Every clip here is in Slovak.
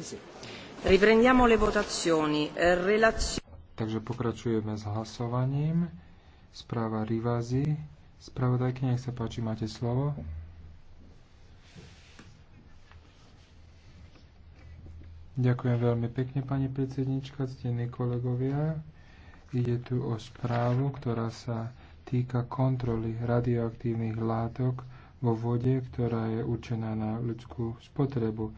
Eh, Takže pokračujeme s hlasovaním. Správa Rivazi. Spravodajky, nech sa páči, máte slovo. Ďakujem veľmi pekne, pani predsednička, ctení kolegovia. Ide tu o správu, ktorá sa týka kontroly radioaktívnych látok vo vode, ktorá je určená na ľudskú spotrebu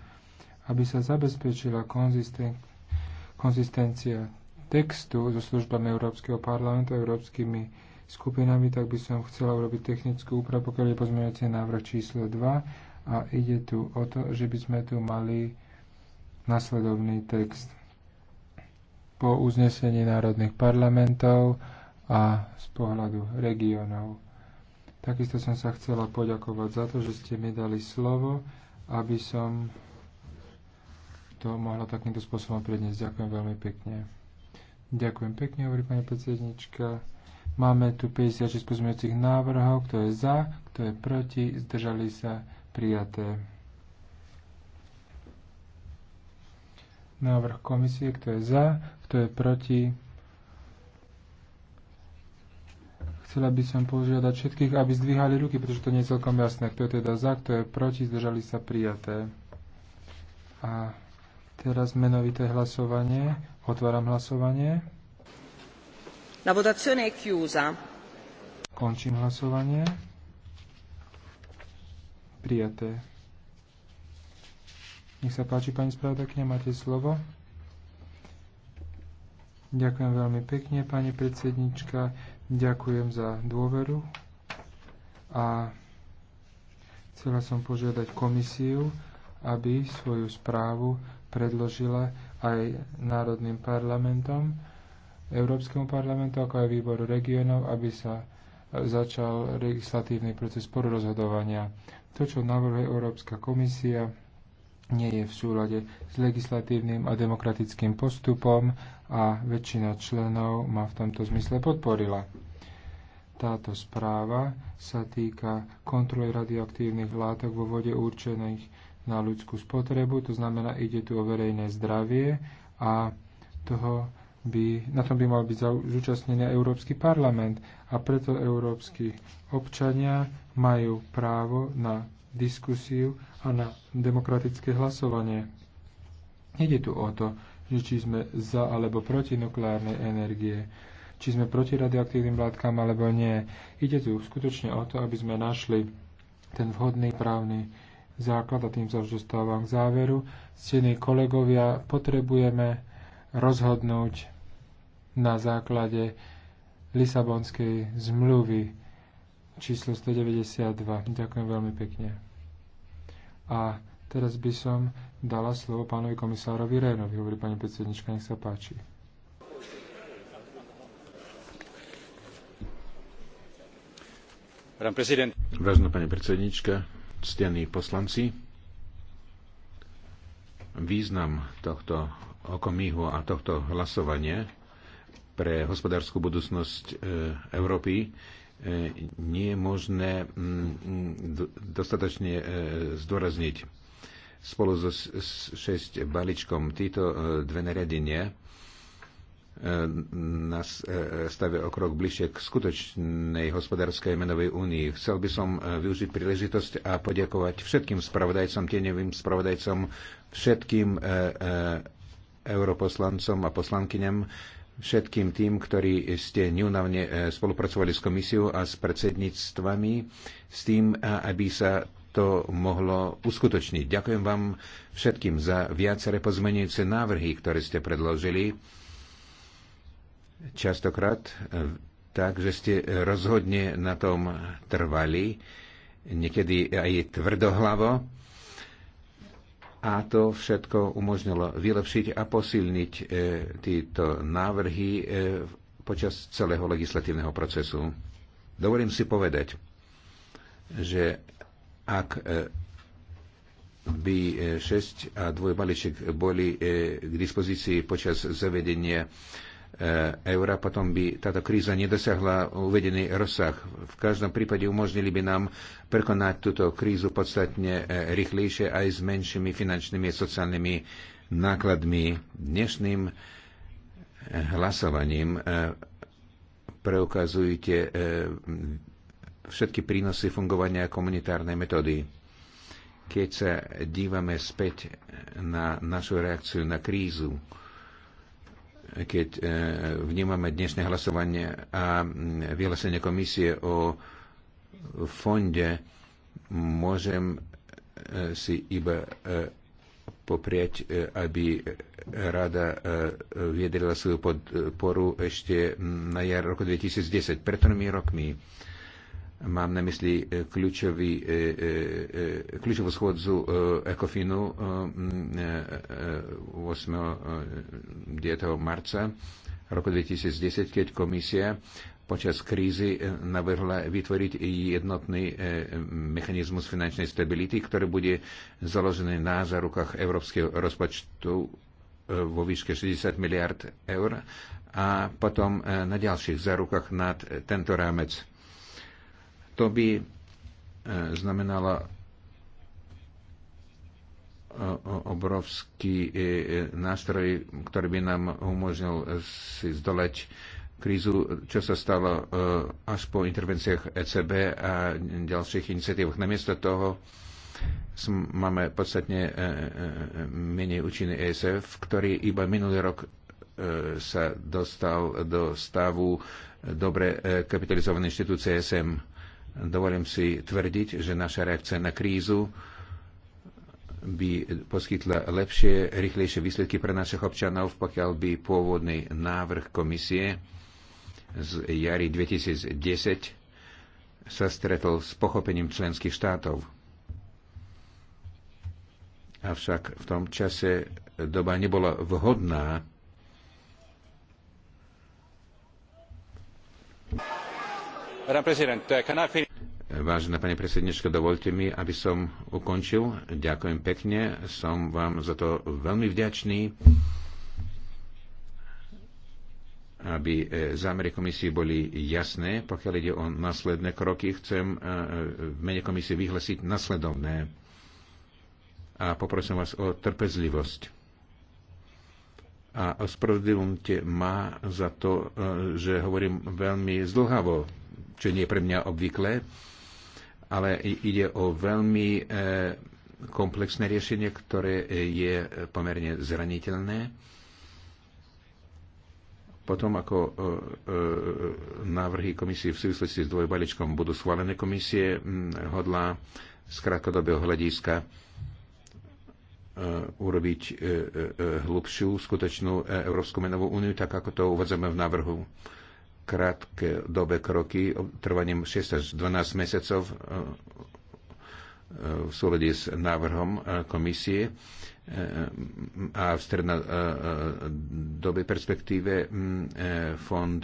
aby sa zabezpečila konzisten- konzistencia textu so službami Európskeho parlamentu, a európskymi skupinami, tak by som chcela urobiť technickú úpravu, pokiaľ je pozmeňujúce návrh číslo 2 a ide tu o to, že by sme tu mali nasledovný text po uznesení národných parlamentov a z pohľadu regionov. Takisto som sa chcela poďakovať za to, že ste mi dali slovo, aby som to mohla takýmto spôsobom predniesť. Ďakujem veľmi pekne. Ďakujem pekne, hovorí pani predsednička. Máme tu 56 pozmeňujúcich návrhov, kto je za, kto je proti, zdržali sa prijaté. Návrh komisie, kto je za, kto je proti. Chcela by som požiadať všetkých, aby zdvíhali ruky, pretože to nie je celkom jasné, kto je teda za, kto je proti, zdržali sa prijaté. A Teraz menovité hlasovanie. Otváram hlasovanie. La votazione è chiusa. Končím hlasovanie. Prijaté. Nech sa páči, pani spravodajkňa, máte slovo. Ďakujem veľmi pekne, pani predsednička. Ďakujem za dôveru. A chcela som požiadať komisiu, aby svoju správu predložila aj národným parlamentom, Európskemu parlamentu, ako aj výboru regionov, aby sa začal legislatívny proces porozhodovania. To, čo navrhuje Európska komisia, nie je v súlade s legislatívnym a demokratickým postupom a väčšina členov ma v tomto zmysle podporila. Táto správa sa týka kontroly radioaktívnych látok vo vode určených na ľudskú spotrebu, to znamená, ide tu o verejné zdravie a toho by, na tom by mal byť zúčastnený Európsky parlament a preto európsky občania majú právo na diskusiu a na demokratické hlasovanie. Ide tu o to, že či sme za alebo proti nukleárnej energie, či sme proti radioaktívnym látkam alebo nie. Ide tu skutočne o to, aby sme našli ten vhodný právny základ, a tým sa už dostávam k záveru. Ctení kolegovia, potrebujeme rozhodnúť na základe Lisabonskej zmluvy číslo 192. Ďakujem veľmi pekne. A teraz by som dala slovo pánovi komisárovi Rénovi, hovorí pani predsednička, nech sa páči. Vážená pani predsednička, ctení poslanci, význam tohto okomíhu a tohto hlasovania pre hospodárskú budúcnosť e, Európy e, nie je možné mm, dostatočne e, zdôrazniť. Spolu so 6 balíčkom títo dve nariadenia nás e, e, stavia o krok bližšie k skutočnej hospodárskej menovej únii. Chcel by som e, využiť príležitosť a poďakovať všetkým spravodajcom, tieňovým spravodajcom, všetkým europoslancom a poslankyňam, všetkým tým, ktorí ste neunavne spolupracovali s komisiou a s predsedníctvami, s tým, aby sa to mohlo uskutočniť. Ďakujem vám všetkým za viaceré pozmenujúce návrhy, ktoré ste predložili častokrát e, tak, že ste rozhodne na tom trvali, niekedy aj tvrdohlavo. A to všetko umožnilo vylepšiť a posilniť e, tieto návrhy e, počas celého legislatívneho procesu. Dovolím si povedať, že ak e, by 6 e, a 2 balíček boli e, k dispozícii počas zavedenia e, Eh, eura, potom by táto kríza nedosiahla uvedený rozsah. V každom prípade umožnili by nám prekonať túto krízu podstatne eh, rýchlejšie aj s menšími finančnými a sociálnymi nákladmi. Dnešným eh, hlasovaním preukazujete všetky prínosy fungovania komunitárnej metódy. Keď sa dívame späť na našu reakciu na krízu, keď e, vnímame dnešné hlasovanie a vyhlásenie komisie o fonde, môžem e, si iba e, poprieť, aby rada viedrila svoju podporu ešte na jar roku 2010, pred tromi rokmi. Mám na mysli e, kľúčový, e, e, kľúčovú schôdzu ECOFINu 8. 9. marca roku 2010, keď komisia počas krízy navrhla vytvoriť jednotný mechanizmus finančnej stability, ktorý bude založený na zárukách európskeho rozpočtu vo výške 60 miliard eur a potom na ďalších zárukách nad tento rámec to by e, znamenalo e, obrovský e, nástroj, ktorý by nám umožnil si zdolať krízu, čo sa stalo až po intervenciách ECB a ďalších iniciatívach. Namiesto toho máme podstatne menej účinný ESF, ktorý iba minulý rok sa dostal do stavu dobre kapitalizované inštitúcie SM Dovolím si tvrdiť, že naša reakcia na krízu by poskytla lepšie, rýchlejšie výsledky pre našich občanov, pokiaľ by pôvodný návrh komisie z jary 2010 sa stretol s pochopením členských štátov. Avšak v tom čase doba nebola vhodná. you. Vážená pani predsednička, dovolte mi, aby som ukončil. Ďakujem pekne, som vám za to veľmi vďačný, aby e, zámery komisie boli jasné. Pokiaľ ide o následné kroky, chcem e, v mene komisie vyhlasiť nasledovné a poprosím vás o trpezlivosť. A ospravedlňujte ma za to, e, že hovorím veľmi zdlhavo čo nie je pre mňa obvyklé, ale ide o veľmi e, komplexné riešenie, ktoré e, je pomerne zraniteľné. Potom, ako e, návrhy komisie v súvislosti s dvojbaličkom budú schválené, komisie hodlá z krátkodobého hľadiska urobiť hlubšiu skutočnú Európsku menovú úniu, tak ako to uvádzame v návrhu krátke dobe kroky trvaním 6 až 12 mesiacov e, e, v súlede s návrhom e, komisie a v dobe perspektíve fond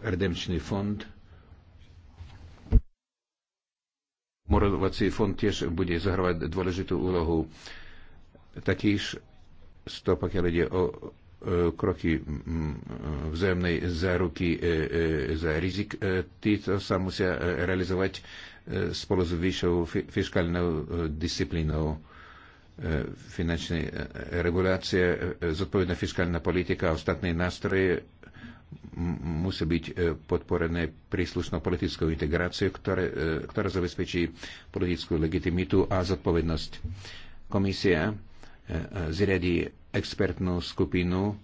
redemčný fond Morovací fond tiež bude zahrávať dôležitú úlohu. Takýž toho, pokiaľ ide o kroky vzájomnej záruky e, e, za rizik, e, títo sa musia realizovať spolu s vyššou fiskálnou disciplínou finančnej regulácie, zodpovedná fiskálna politika a ostatné nástroje musí byť podporené príslušnou politickou integráciou, ktoré, ktorá zabezpečí politickú legitimitu a zodpovednosť. Komisia zriadi expertnú skupinu,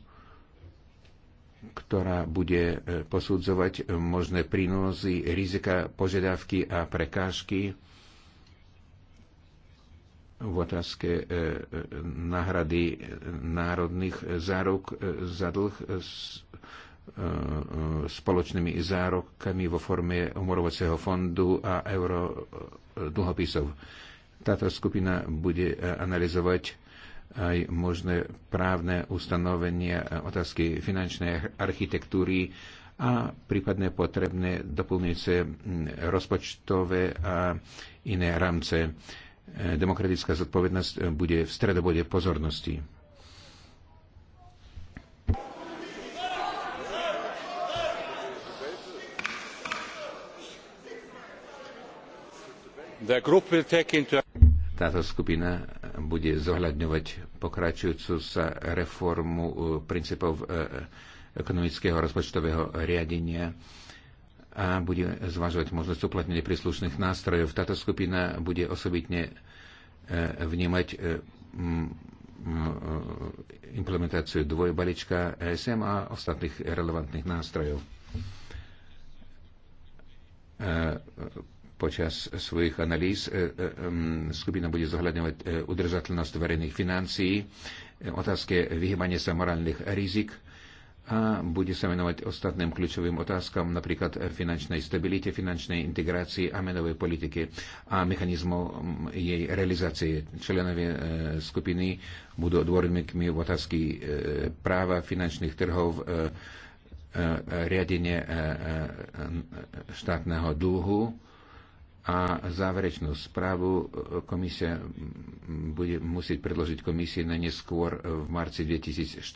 ktorá bude e, posudzovať možné prínosy, rizika, požiadavky a prekážky v otázke e, e, náhrady národných zárok za dlh s spoločnými zárokami vo forme umorovacieho fondu a euro dlhopisov. Táto skupina bude analyzovať aj možné právne ustanovenie e, otázky finančnej architektúry a prípadne potrebné doplňujúce rozpočtové a iné rámce. E, demokratická zodpovednosť e, bude v stredobode pozornosti. Táto skupina bude zohľadňovať pokračujúcu sa reformu e, princípov e, ekonomického rozpočtového riadenia a bude zvažovať možnosť uplatnenia príslušných nástrojov. Táto skupina bude osobitne e, vnímať implementáciu dvojbalička ESM a ostatných relevantných nástrojov Počas svojich analýz e, e, skupina bude zohľadňovať e, udržateľnosť verejných financií, otázke vyhybania sa morálnych rizik a bude sa venovať ostatným kľúčovým otázkam, napríklad finančnej stabilite, finančnej integrácii a menovej politiky a mechanizmov jej realizácie. Členovia skupiny budú odborníkmi v otázky práva finančných trhov, riadenie štátneho dlhu, a záverečnú správu e, komisia bude musieť predložiť komisii na neskôr v marci 2014.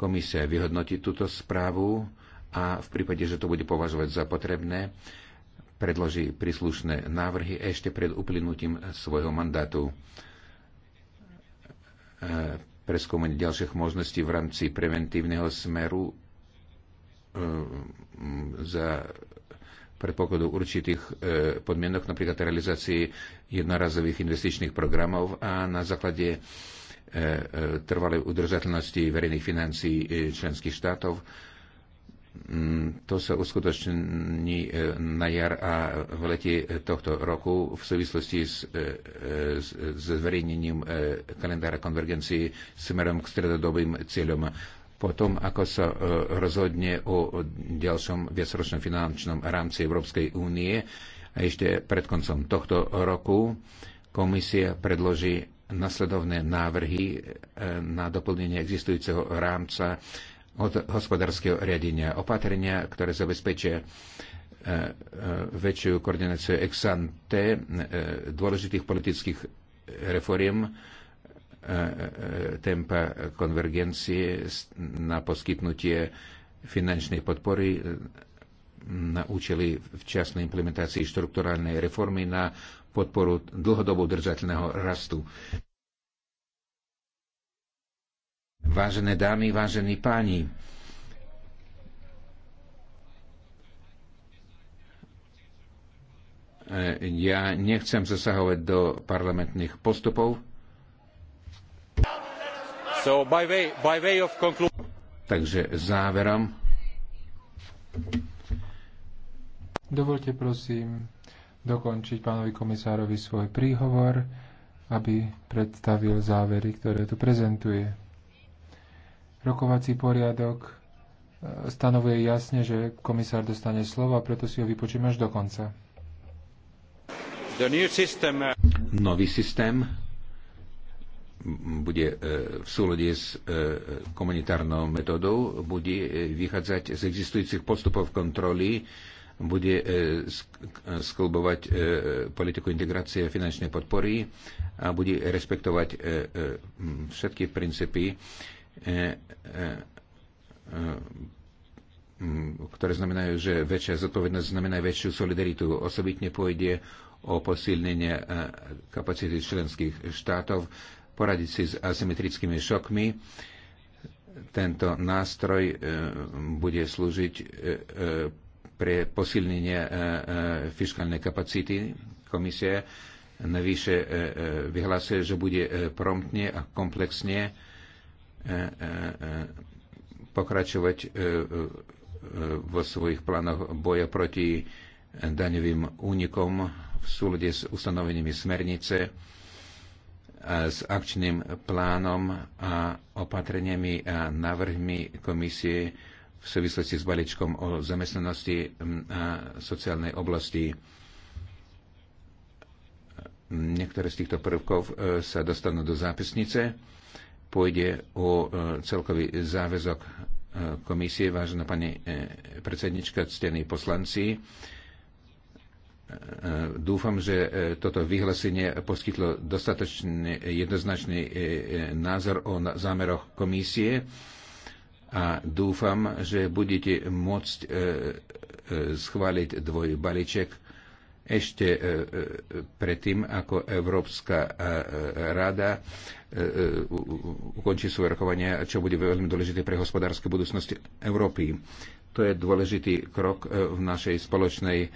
Komisia vyhodnotí túto správu a v prípade, že to bude považovať za potrebné, predloží príslušné návrhy ešte pred uplynutím svojho mandátu. E, preskúmanie ďalších možností v rámci preventívneho smeru e, za pre pokladu určitých e, podmienok, napríklad realizácii jednorazových investičných programov a na základe e, e, trvalej udržateľnosti verejných financií členských štátov. Mm, to sa uskutoční na jar a v lete tohto roku v súvislosti s, s zverejnením kalendára konvergencii smerom k stredodobým cieľom potom, ako sa e, rozhodne o ďalšom viacročnom finančnom rámci Európskej únie. A ešte pred koncom tohto roku komisia predloží nasledovné návrhy e, na doplnenie existujúceho rámca od hospodárskeho riadenia. Opatrenia, ktoré zabezpečia e, väčšiu koordináciu ex ante dôležitých politických reforiem, tempa konvergencie na poskytnutie finančnej podpory eh, na účely včasnej implementácii štrukturálnej reformy na podporu dlhodobo držateľného rastu. Vážené dámy, vážení páni, eh, ja nechcem zasahovať do parlamentných postupov, Takže záverom. Dovolte prosím dokončiť pánovi komisárovi svoj príhovor, aby predstavil závery, ktoré tu prezentuje. Rokovací poriadok e, stanovuje jasne, že komisár dostane slovo a preto si ho vypočím až do konca. Uh, Nový systém bude e, v súlade s e, komunitárnou metodou, bude e, vychádzať z existujúcich postupov kontroly, bude sklbovať politiku integrácie a finančnej podpory a bude respektovať všetky princípy, ktoré znamenajú, že väčšia zodpovednosť znamená väčšiu solidaritu. Osobitne pôjde o posilnenie kapacity členských štátov poradiť si s asymetrickými šokmi. Tento nástroj e, bude slúžiť e, e, pre posilnenie fiskálnej kapacity komisie. Navyše vyhlásuje, že bude promptne a komplexne pokračovať vo svojich plánoch boja proti daňovým únikom v súlade s ustanoveniami smernice s akčným plánom a opatreniami a návrhmi komisie v súvislosti s balíčkom o zamestnanosti a sociálnej oblasti. Niektoré z týchto prvkov e, sa dostanú do zápisnice. Pôjde o e, celkový záväzok e, komisie, vážená pani predsednička, ctení poslanci. E, dúfam, že e, toto vyhlásenie poskytlo dostatočne jednoznačný e, názor o zámeroch komisie a dúfam, že budete môcť schváliť dvoj balíček ešte predtým, ako Európska rada ukončí svoje rokovania, čo bude veľmi dôležité pre hospodárske budúcnosti Európy. To je dôležitý krok e, v našej spoločnej e,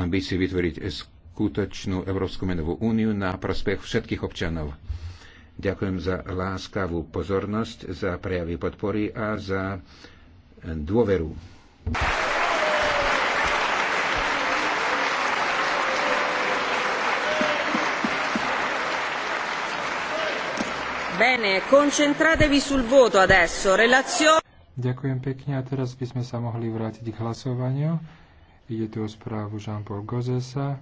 ambícii vytvoriť skutočnú Európsku menovú úniu na prospech všetkých občanov. Ďakujem za láskavú pozornosť, za prejavy podpory a za e, dôveru. Bene, concentratevi sul voto adesso. Relazione... Ďakujem pekne a teraz by sme sa mohli vrátiť k hlasovaniu. Ide tu o správu Jean-Paul Gozesa.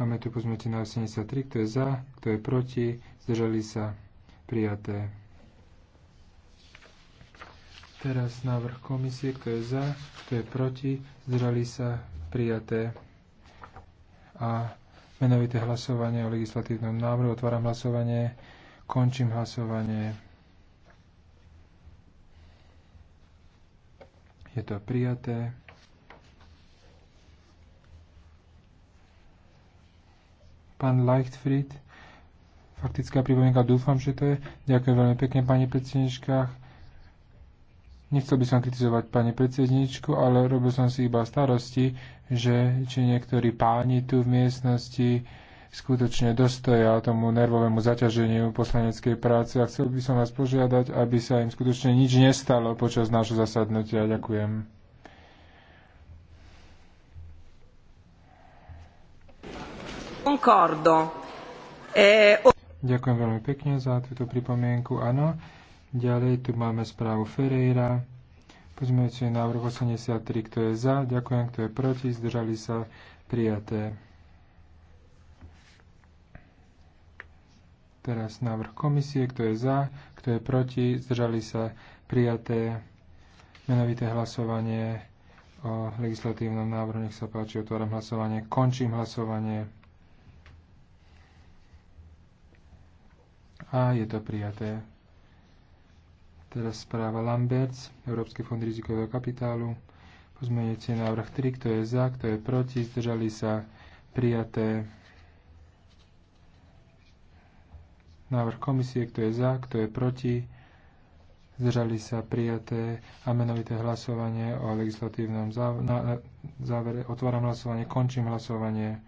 Máme tu pozmete na 83, kto je za, kto je proti, zdržali sa prijaté. Teraz návrh komisie, kto je za, kto je proti, zdržali sa prijaté. A menovité hlasovanie o legislatívnom návrhu. Otváram hlasovanie. Končím hlasovanie. Je to prijaté. Pán Leichtfried, faktická pripomienka, dúfam, že to je. Ďakujem veľmi pekne, pani predsedničkách. Nechcel by som kritizovať pani predsedničku, ale robil som si iba starosti, že či niektorí páni tu v miestnosti skutočne dostoja tomu nervovému zaťaženiu poslaneckej práce a chcel by som vás požiadať, aby sa im skutočne nič nestalo počas nášho zasadnutia. Ďakujem. E, ďakujem veľmi pekne za túto pripomienku. Áno. Ďalej tu máme správu Ferreira. Pozmeňujúci návrh 83, kto je za, ďakujem, kto je proti, zdržali sa prijaté. Teraz návrh komisie, kto je za, kto je proti, zdržali sa prijaté menovité hlasovanie o legislatívnom návrhu. Nech sa páči, otváram hlasovanie, končím hlasovanie. A je to prijaté. Teraz správa Lamberts, Európsky fond rizikového kapitálu. Pozmeňujúci návrh 3, kto je za, kto je proti, zdržali sa prijaté Návrh komisie, kto je za, kto je proti. Zdržali sa prijaté a menovité hlasovanie o legislatívnom závere. Otváram hlasovanie, končím hlasovanie.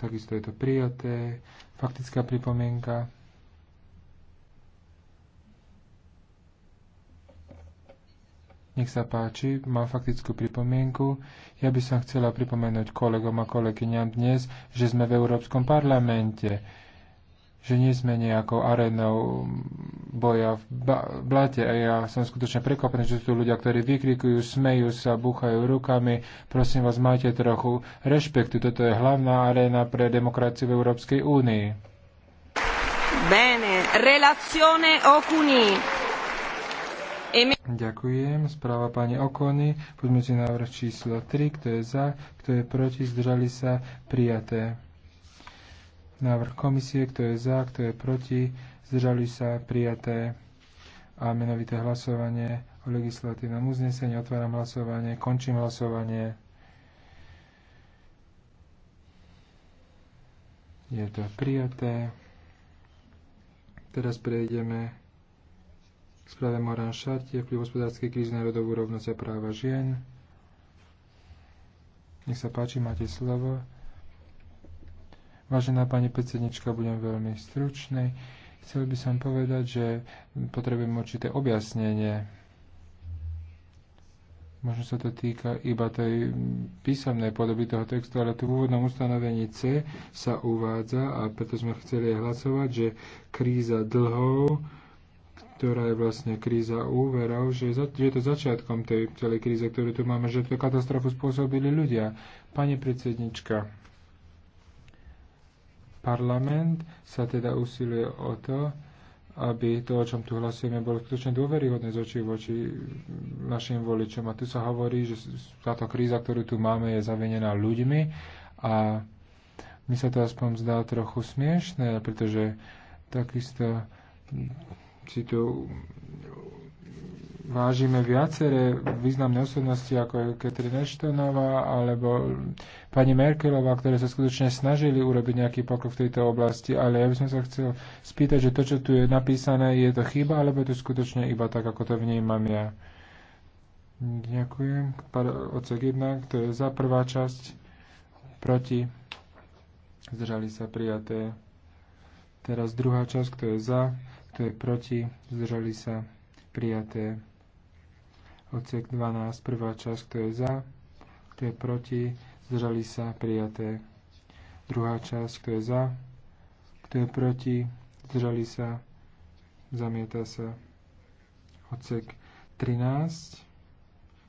Takisto je to prijaté. Faktická pripomienka. Nech sa páči, mám faktickú pripomienku. Ja by som chcela pripomenúť kolegom a kolegyňam dnes, že sme v Európskom parlamente, že nie sme nejakou arenou boja v blate a ja som skutočne prekvapený, že sú tu ľudia, ktorí vykrikujú, smejú sa, búchajú rukami. Prosím vás, majte trochu rešpektu. Toto je hlavná arena pre demokraciu v Európskej únii. Bene, relazione Okuni. Ďakujem. Správa pani Okony. Poďme si návrh číslo 3. Kto je za, kto je proti, zdržali sa, prijaté. Návrh komisie, kto je za, kto je proti, zdržali sa, prijaté. A menovité hlasovanie o legislatívnom uznesení. Otváram hlasovanie, končím hlasovanie. Je to prijaté. Teraz prejdeme správe Moran Šartie, vplyv hospodárskej krízy na rodovú rovnosť a práva žien. Nech sa páči, máte slovo. Vážená pani predsednička, budem veľmi stručný. Chcel by som povedať, že potrebujem určité objasnenie. Možno sa to týka iba tej písomnej podoby toho textu, ale tu v úvodnom ustanovení C sa uvádza, a preto sme chceli hlasovať, že kríza dlhov ktorá je vlastne kríza úverov, že je to začiatkom tej celej kríze, ktorú tu máme, že tú katastrofu spôsobili ľudia. Pani predsednička, parlament sa teda usiluje o to, aby to, o čom tu hlasujeme, bolo skutočne dôveryhodné z očí voči našim voličom. A tu sa hovorí, že táto kríza, ktorú tu máme, je zavenená ľuďmi a mi sa to aspoň zdá trochu smiešné, pretože takisto si tu vážime viaceré významné osobnosti, ako je Katrin Eštonová, alebo pani Merkelová, ktoré sa skutočne snažili urobiť nejaký pokrok v tejto oblasti, ale ja by som sa chcel spýtať, že to, čo tu je napísané, je to chyba, alebo je to skutočne iba tak, ako to vnímam ja. Ďakujem. Odsek 1, to je za prvá časť, proti, zdržali sa prijaté. Teraz druhá časť, kto je za, kto je proti? Zdržali sa? Prijaté. Odsek 12, prvá časť. Kto je za? Kto je proti? Zdržali sa? Prijaté. Druhá časť. Kto je za? Kto je proti? Zdržali sa? Zamieta sa. Odsek 13,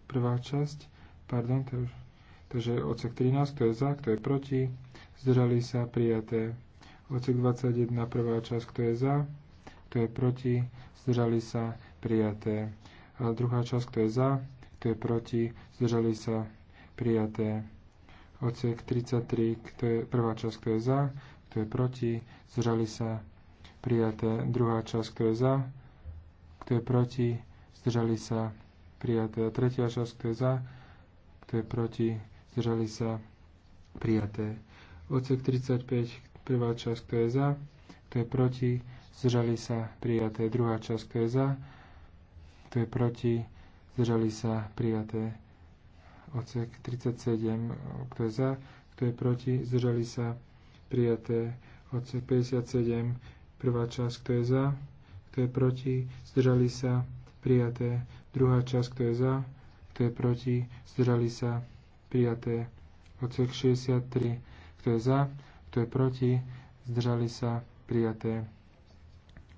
prvá časť. Pardon, to už. Takže odsek 13, kto je za, kto je proti, zdržali sa, prijaté. Odsek 21, prvá časť, kto je za, kto je proti, zdržali sa, prijaté. A druhá časť, kto je za, kto je proti, zdržali sa, prijaté. Odsek 33, kto je prvá časť, kto je za, kto je proti, zdržali sa, prijaté. Druhá časť, kto je za, kto je proti, zdržali sa, prijaté. A tretia časť, kto je za, kto je proti, zdržali sa, prijaté. Odsek 35, prvá časť, kto je za, kto je proti, zdržali sa prijaté. Druhá časť, kto je za, kto je proti, zdržali sa prijaté. odsek 37, kto je za, kto je proti, zdržali sa prijaté. odsek 57, prvá časť, kto je za, kto je proti, zdržali sa prijaté. Druhá časť, kto je za, kto je proti, zdržali sa prijaté. Odsek 63, kto je za, kto je proti, zdržali sa prijaté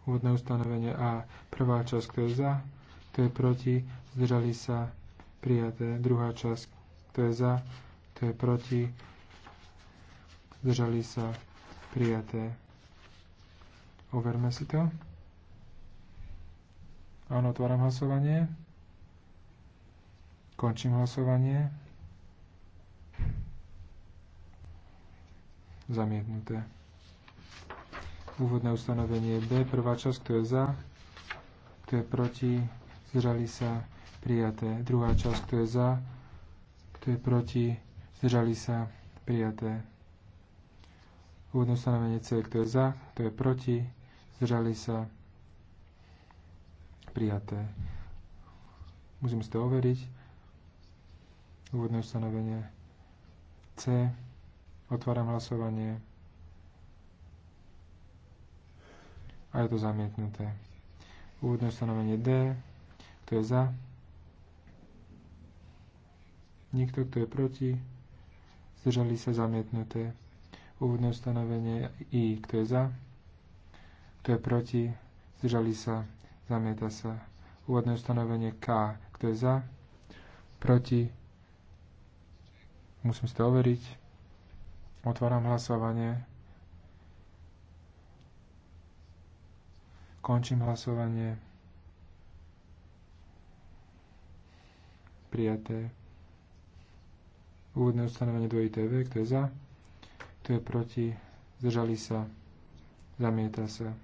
úvodné ustanovenie A. Prvá časť, kto je za, kto je proti, zdržali sa, prijaté. Druhá časť, kto je za, kto je proti, zdržali sa, prijaté. Overme si to. Áno, otváram hlasovanie. Končím hlasovanie. Zamietnuté úvodné ustanovenie B, prvá časť, kto je za, kto je proti, zdržali sa, prijaté. Druhá časť, kto je za, kto je proti, zdržali sa, prijaté. Úvodné ustanovenie C, kto je za, kto je proti, zdržali sa, prijaté. Musím si to overiť. Úvodné ustanovenie C. Otváram hlasovanie. a je to zamietnuté. Úvodné stanovenie D, kto je za, nikto, kto je proti, zdržali sa zamietnuté. Úvodné stanovenie I, kto je za, kto je proti, zdržali sa, zamieta sa. Úvodné stanovenie K, kto je za, proti, musím si to overiť. Otváram hlasovanie. Končím hlasovanie. Prijaté. Úvodné ustanovenie 2ITV, kto je za, kto je proti, zdržali sa, zamieta sa.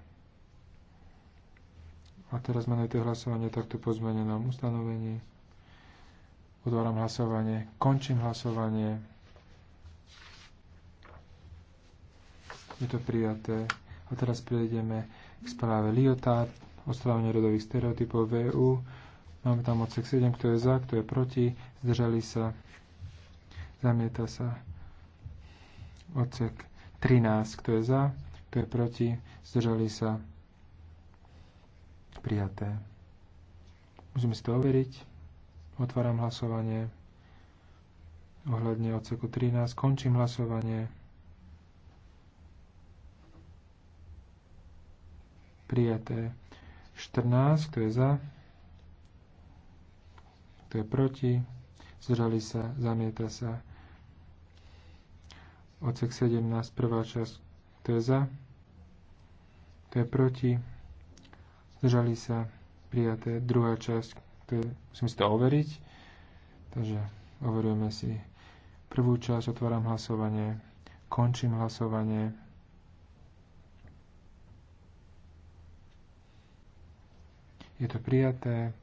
A teraz menujte hlasovanie takto po zmenenom ustanovení. Otváram hlasovanie. Končím hlasovanie. Je to prijaté. A teraz prejdeme v správe Liotard, ostrávanie rodových stereotypov VU. E Máme tam odsek 7, kto je za, kto je proti, zdržali sa, zamieta sa. Odsek 13, kto je za, kto je proti, zdržali sa, prijaté. Musíme si to overiť. Otváram hlasovanie ohľadne odseku 13. Končím hlasovanie. prijaté. 14, kto je za, kto je proti, zdržali sa, zamieta sa. Odsek 17, prvá časť, kto je za, kto je proti, zdržali sa, prijaté. Druhá časť, kto je, musím si to overiť, takže overujeme si prvú časť, otváram hlasovanie, končím hlasovanie, Je to prijaté.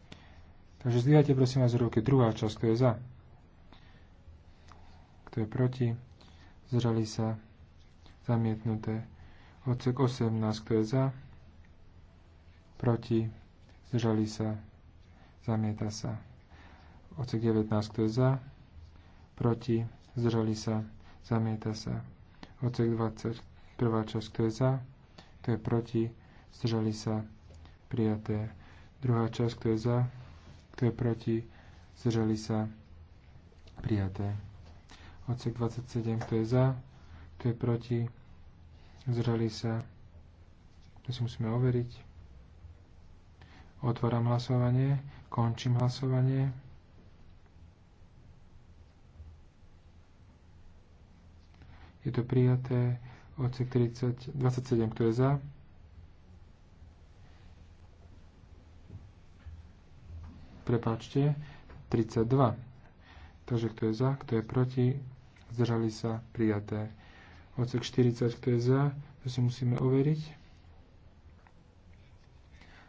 Takže zdvíhajte prosím vás ruky. Druhá časť, kto je za? Kto je proti? Zrali sa. Zamietnuté. Odsek 18, kto je za? Proti? Zdržali sa. Zamieta sa. Odsek 19, kto je za? Proti? Zdržali sa. Zamieta sa. Odsek 20, prvá časť, kto je za? Kto je proti? Zdržali sa. Prijaté Druhá časť, kto je za, kto je proti, zdržali sa, prijaté. Odsek 27, kto je za, kto je proti, zdržali sa, to si musíme overiť. Otváram hlasovanie, končím hlasovanie. Je to prijaté. Odsek 30, 27, kto je za, prepáčte, 32. Takže kto je za, kto je proti, zdržali sa, prijaté. Odsek 40, kto je za, to si musíme overiť.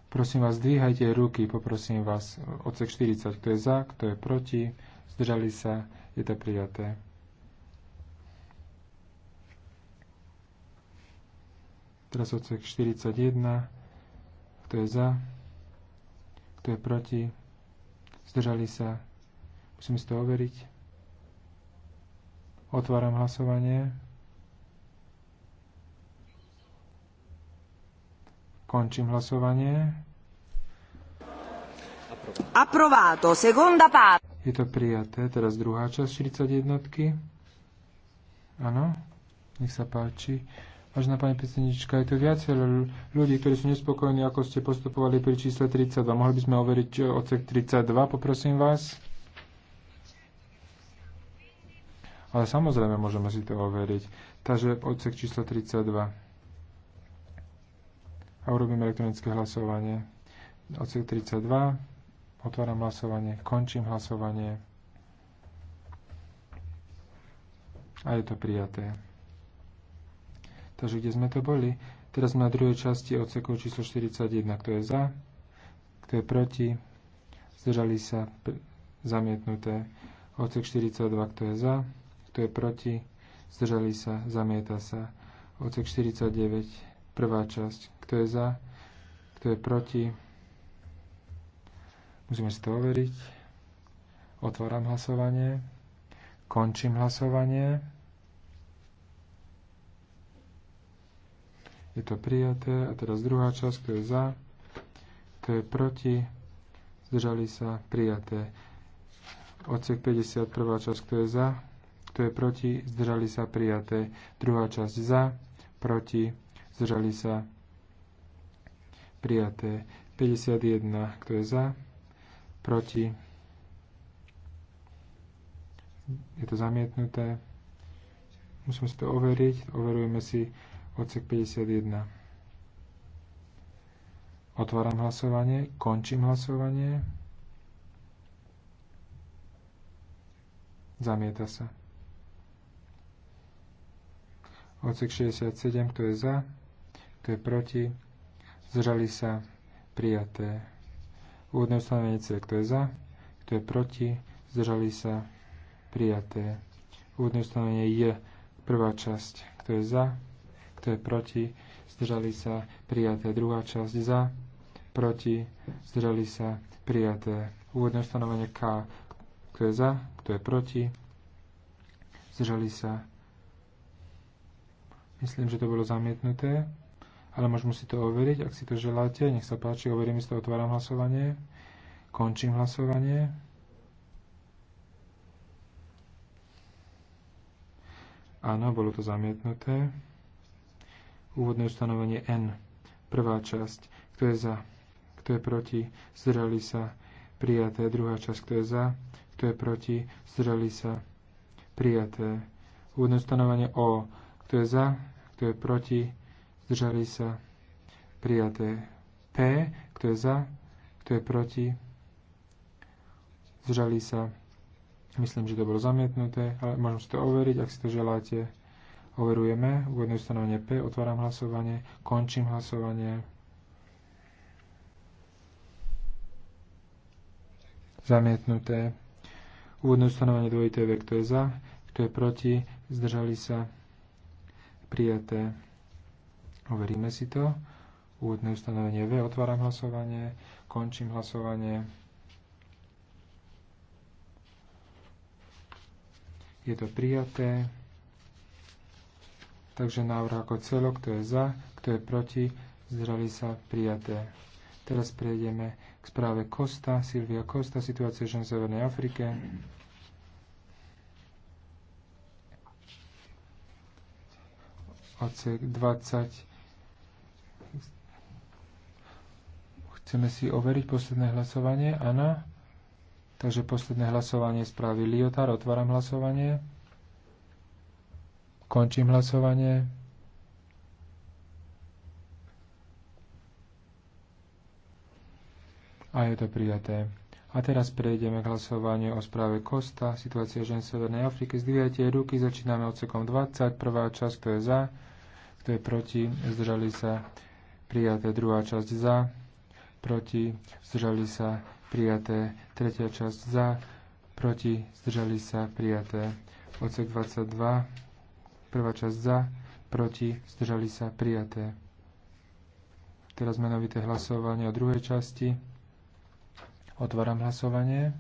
Prosím vás, zdvíhajte ruky, poprosím vás. Odsek 40, kto je za, kto je proti, zdržali sa, je to prijaté. Teraz odsek 41, kto je za, kto je proti, zdržali sa, Musím si to overiť. Otváram hlasovanie. Končím hlasovanie. Aprováto. seconda parte. Je to prijaté, teraz druhá časť 41. Áno, nech sa páči. Vážená pani predsednička, je tu viacero ľudí, ktorí sú nespokojní, ako ste postupovali pri čísle 32. Mohli by sme overiť e, odsek 32, poprosím vás. Ale samozrejme môžeme si to overiť. Takže odsek číslo 32. A urobím elektronické hlasovanie. Odsek 32. Otváram hlasovanie. Končím hlasovanie. A je to prijaté. Takže kde sme to boli? Teraz sme na druhej časti odsekov číslo 41. Kto je za? Kto je proti? Zdržali sa zamietnuté. Odsek 42. Kto je za? Kto je proti? Zdržali sa. Zamieta sa. Odsek 49. Prvá časť. Kto je za? Kto je proti? Musíme si to overiť. Otváram hlasovanie. Končím hlasovanie. Je to prijaté. A teraz druhá časť, kto je za, kto je proti, zdržali sa, prijaté. Odsek 51. časť, kto je za, kto je proti, zdržali sa, prijaté. Druhá časť za, proti, zdržali sa, prijaté. 51, kto je za, proti, je to zamietnuté. Musíme si to overiť, overujeme si Odsek 51. Otváram hlasovanie, končím hlasovanie. Zamieta sa. Odsek 67, kto je za, kto je proti, zdržali sa, prijaté. Úvodné ustanovenie C, kto je za, kto je proti, zdržali sa, prijaté. Úvodné ustanovenie je prvá časť, kto je za, kto je proti, zdržali sa prijaté. Druhá časť za, proti, zdržali sa prijaté. Úvodné ustanovenie K, kto je za, kto je proti, zdržali sa. Myslím, že to bolo zamietnuté, ale môžeme si to overiť, ak si to želáte. Nech sa páči, overím si to, otváram hlasovanie. Končím hlasovanie. Áno, bolo to zamietnuté úvodné ustanovenie N. Prvá časť, kto je za, kto je proti, zdržali sa, prijaté. Druhá časť, kto je za, kto je proti, zdržali sa, prijaté. Úvodné ustanovenie O, kto je za, kto je proti, zdržali sa, prijaté. P, kto je za, kto je proti, zdržali sa. Myslím, že to bolo zamietnuté, ale môžem si to overiť, ak si to želáte. Overujeme úvodné ustanovenie P, otváram hlasovanie, končím hlasovanie. Zamietnuté. Úvodné ustanovenie dvojité V, kto je za, kto je proti, zdržali sa, prijaté. Overíme si to. Úvodné ustanovenie V, otváram hlasovanie, končím hlasovanie. Je to prijaté. Takže návrh ako celok, kto je za, kto je proti, zdrali sa prijaté. Teraz prejdeme k správe Kosta, Silvia Kosta, situácia žen v Severnej Afrike. Odsek 20. Chceme si overiť posledné hlasovanie? Áno. Takže posledné hlasovanie správy Liotar. Otváram hlasovanie. Končím hlasovanie. A je to prijaté. A teraz prejdeme k hlasovaniu o správe Kosta, situácia žen v Severnej Afriky. Zdvíjajte ruky, začíname odsekom 20, prvá časť, kto je za, kto je proti, zdržali sa, prijaté druhá časť za, proti, zdržali sa, prijaté tretia časť za, proti, zdržali sa, prijaté odsek 22 Prvá časť za, proti, zdržali sa, prijaté. Teraz menovité hlasovanie o druhej časti. Otváram hlasovanie.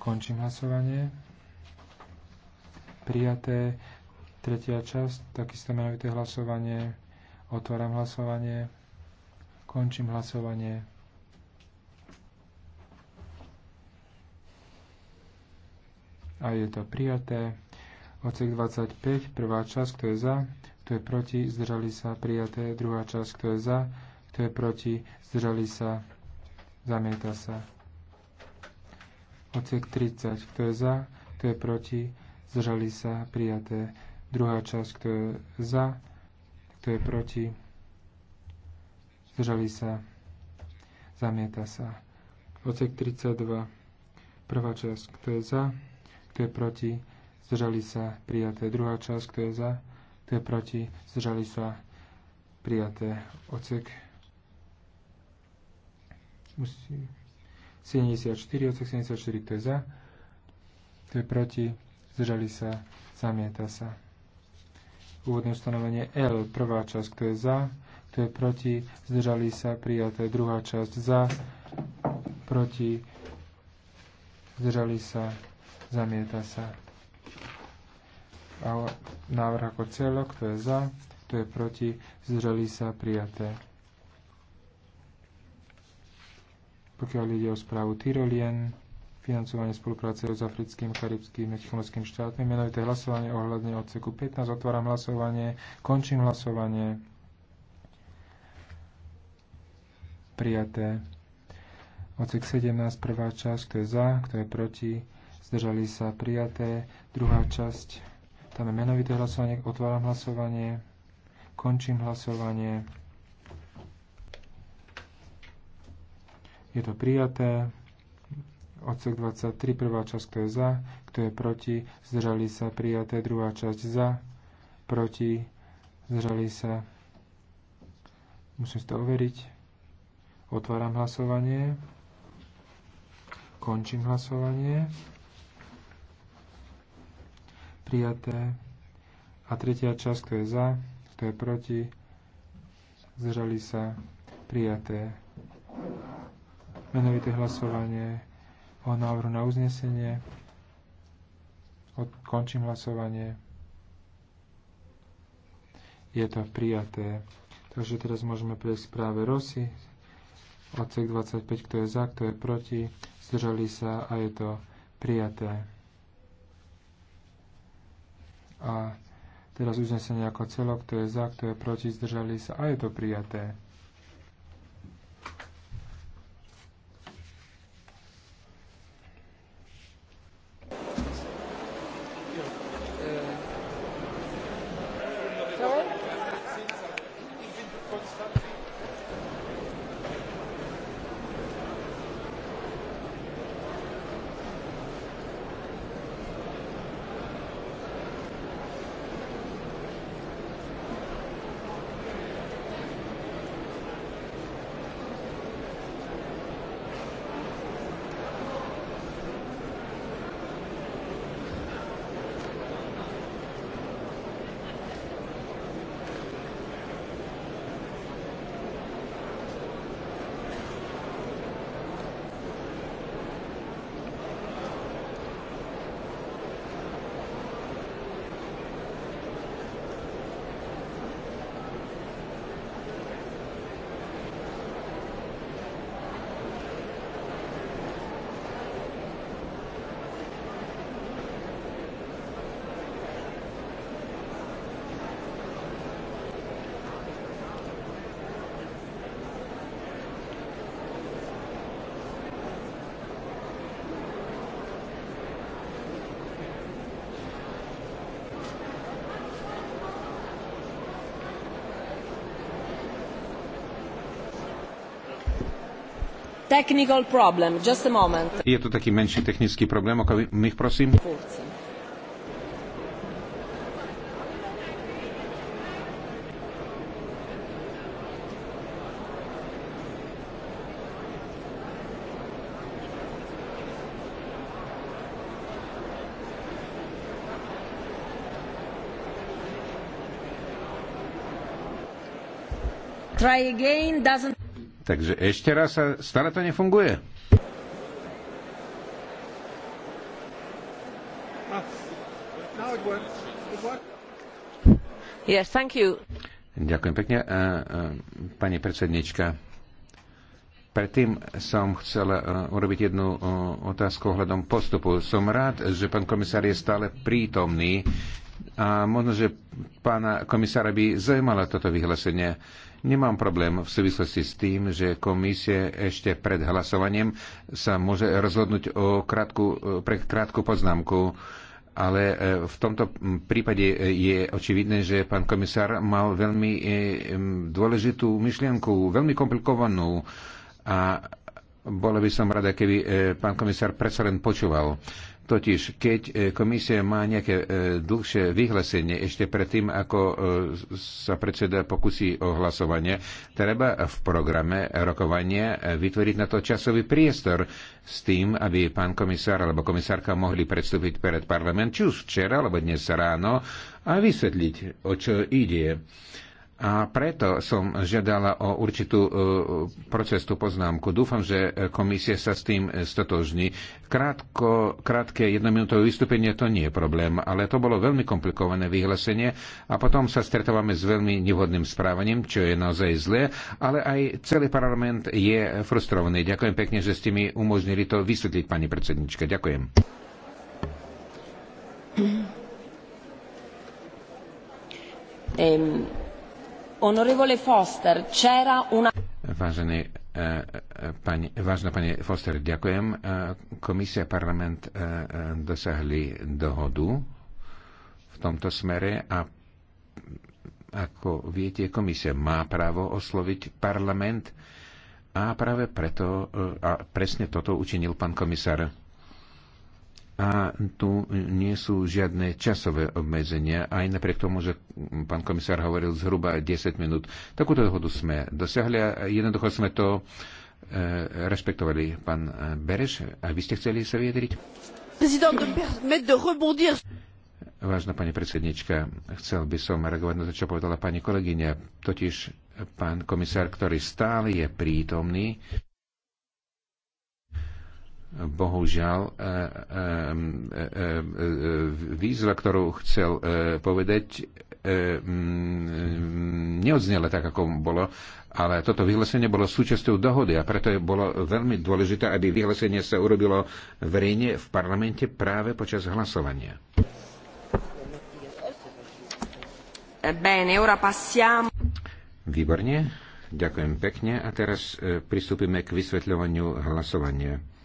Končím hlasovanie. Prijaté. Tretia časť, takisto menovité hlasovanie. Otváram hlasovanie. Končím hlasovanie. A je to prijaté. Odsek 25, prvá časť, kto je za, kto je proti, zdržali sa, prijaté. Druhá časť, kto je za, kto je proti, zdržali sa, zamieta sa. Odsek 30, kto je za, kto je proti, zdržali sa, prijaté. Druhá časť, kto je za, kto je proti, zdržali sa, zamieta sa. Odsek 32, prvá časť, kto je za, kto je proti, zdržali sa prijaté. Druhá časť, kto je za, kto je proti, zdržali sa prijaté. Ocek 74, ocek 74, kto je za, kto je proti, zdržali sa, zamieta sa. Úvodné ustanovenie L, prvá časť, kto je za, kto je proti, zdržali sa, prijaté. Druhá časť za, proti, zdržali sa, zamieta sa a návrh ako celok, kto je za, kto je proti, zdržali sa prijaté. Pokiaľ ide o správu Tyrolien, financovanie spolupráce s africkým, karibským a tichomorským štátmi, menovité hlasovanie ohľadne odseku 15, otváram hlasovanie, končím hlasovanie. Prijaté. Ocek 17, prvá časť, kto je za, kto je proti, zdržali sa prijaté, druhá časť, Dáme menovité hlasovanie. Otváram hlasovanie. Končím hlasovanie. Je to prijaté. Odsek 23, prvá časť, kto je za, kto je proti, zdržali sa, prijaté, druhá časť za, proti, zdržali sa. Musím si to overiť. Otváram hlasovanie. Končím hlasovanie prijaté. A tretia časť, kto je za, kto je proti, zdržali sa, prijaté. Menovité hlasovanie o návrhu na uznesenie. Končím hlasovanie. Je to prijaté. Takže teraz môžeme prejsť práve Rosy. Odsek 25, kto je za, kto je proti, zdržali sa a je to prijaté. A teraz uznesenie ako celok, kto je za, kto je proti, zdržali sa a je to prijaté. technical problem. Just a moment. Je tu taký menší technický problém, ako my prosím. Try again doesn't Takže ešte raz sa stále to nefunguje. Yes, thank you. Ďakujem pekne. Pani predsednička, predtým som chcela urobiť jednu otázku ohľadom postupu. Som rád, že pán komisár je stále prítomný a možno, že pána komisára by zaujímala toto vyhlásenie. Nemám problém v súvislosti s tým, že komisie ešte pred hlasovaním sa môže rozhodnúť o krátku, pre krátku poznámku, ale e, v tomto prípade je očividné, že pán komisár mal veľmi e, dôležitú myšlienku, veľmi komplikovanú a bola by som rada, keby e, pán komisár predsa len počúval. Totiž, keď e, komisia má nejaké e, dlhšie vyhlásenie ešte predtým, ako e, sa predseda pokusí o hlasovanie, treba v programe rokovania vytvoriť na to časový priestor s tým, aby pán komisár alebo komisárka mohli predstúpiť pred parlament, či už včera alebo dnes ráno, a vysvetliť, o čo ide. A preto som žiadala o určitú e, procesnú poznámku. Dúfam, že komisie sa s tým stotožní. Krátko, krátke jednominútové vystúpenie to nie je problém, ale to bolo veľmi komplikované vyhlásenie a potom sa stretávame s veľmi nevhodným správaním, čo je naozaj zlé, ale aj celý parlament je frustrovaný. Ďakujem pekne, že ste mi umožnili to vysvetliť, pani predsednička. Ďakujem. Um vážená eh, eh, pani Foster, ďakujem. Eh, komisia a parlament dosahli dohodu v tomto smere a ako viete, komisia má právo osloviť parlament a práve preto a presne toto učinil pán komisár a tu nie sú žiadne časové obmedzenia, aj napriek tomu, že pán komisár hovoril zhruba 10 minút. Takúto dohodu sme dosiahli a jednoducho sme to e, rešpektovali. Pán Bereš, a vy ste chceli sa vyjadriť? Vážna pani predsednička, chcel by som reagovať na to, čo povedala pani kolegyňa, totiž pán komisár, ktorý stále je prítomný, bohužiaľ e, e, e, výzva, ktorú chcel povedať, mm, neodznela tak, ako bolo, ale toto vyhlásenie bolo súčasťou dohody a preto je bolo veľmi dôležité, aby vyhlásenie sa urobilo verejne v parlamente práve počas hlasovania. Výborne, ďakujem pekne a teraz pristúpime k vysvetľovaniu hlasovania.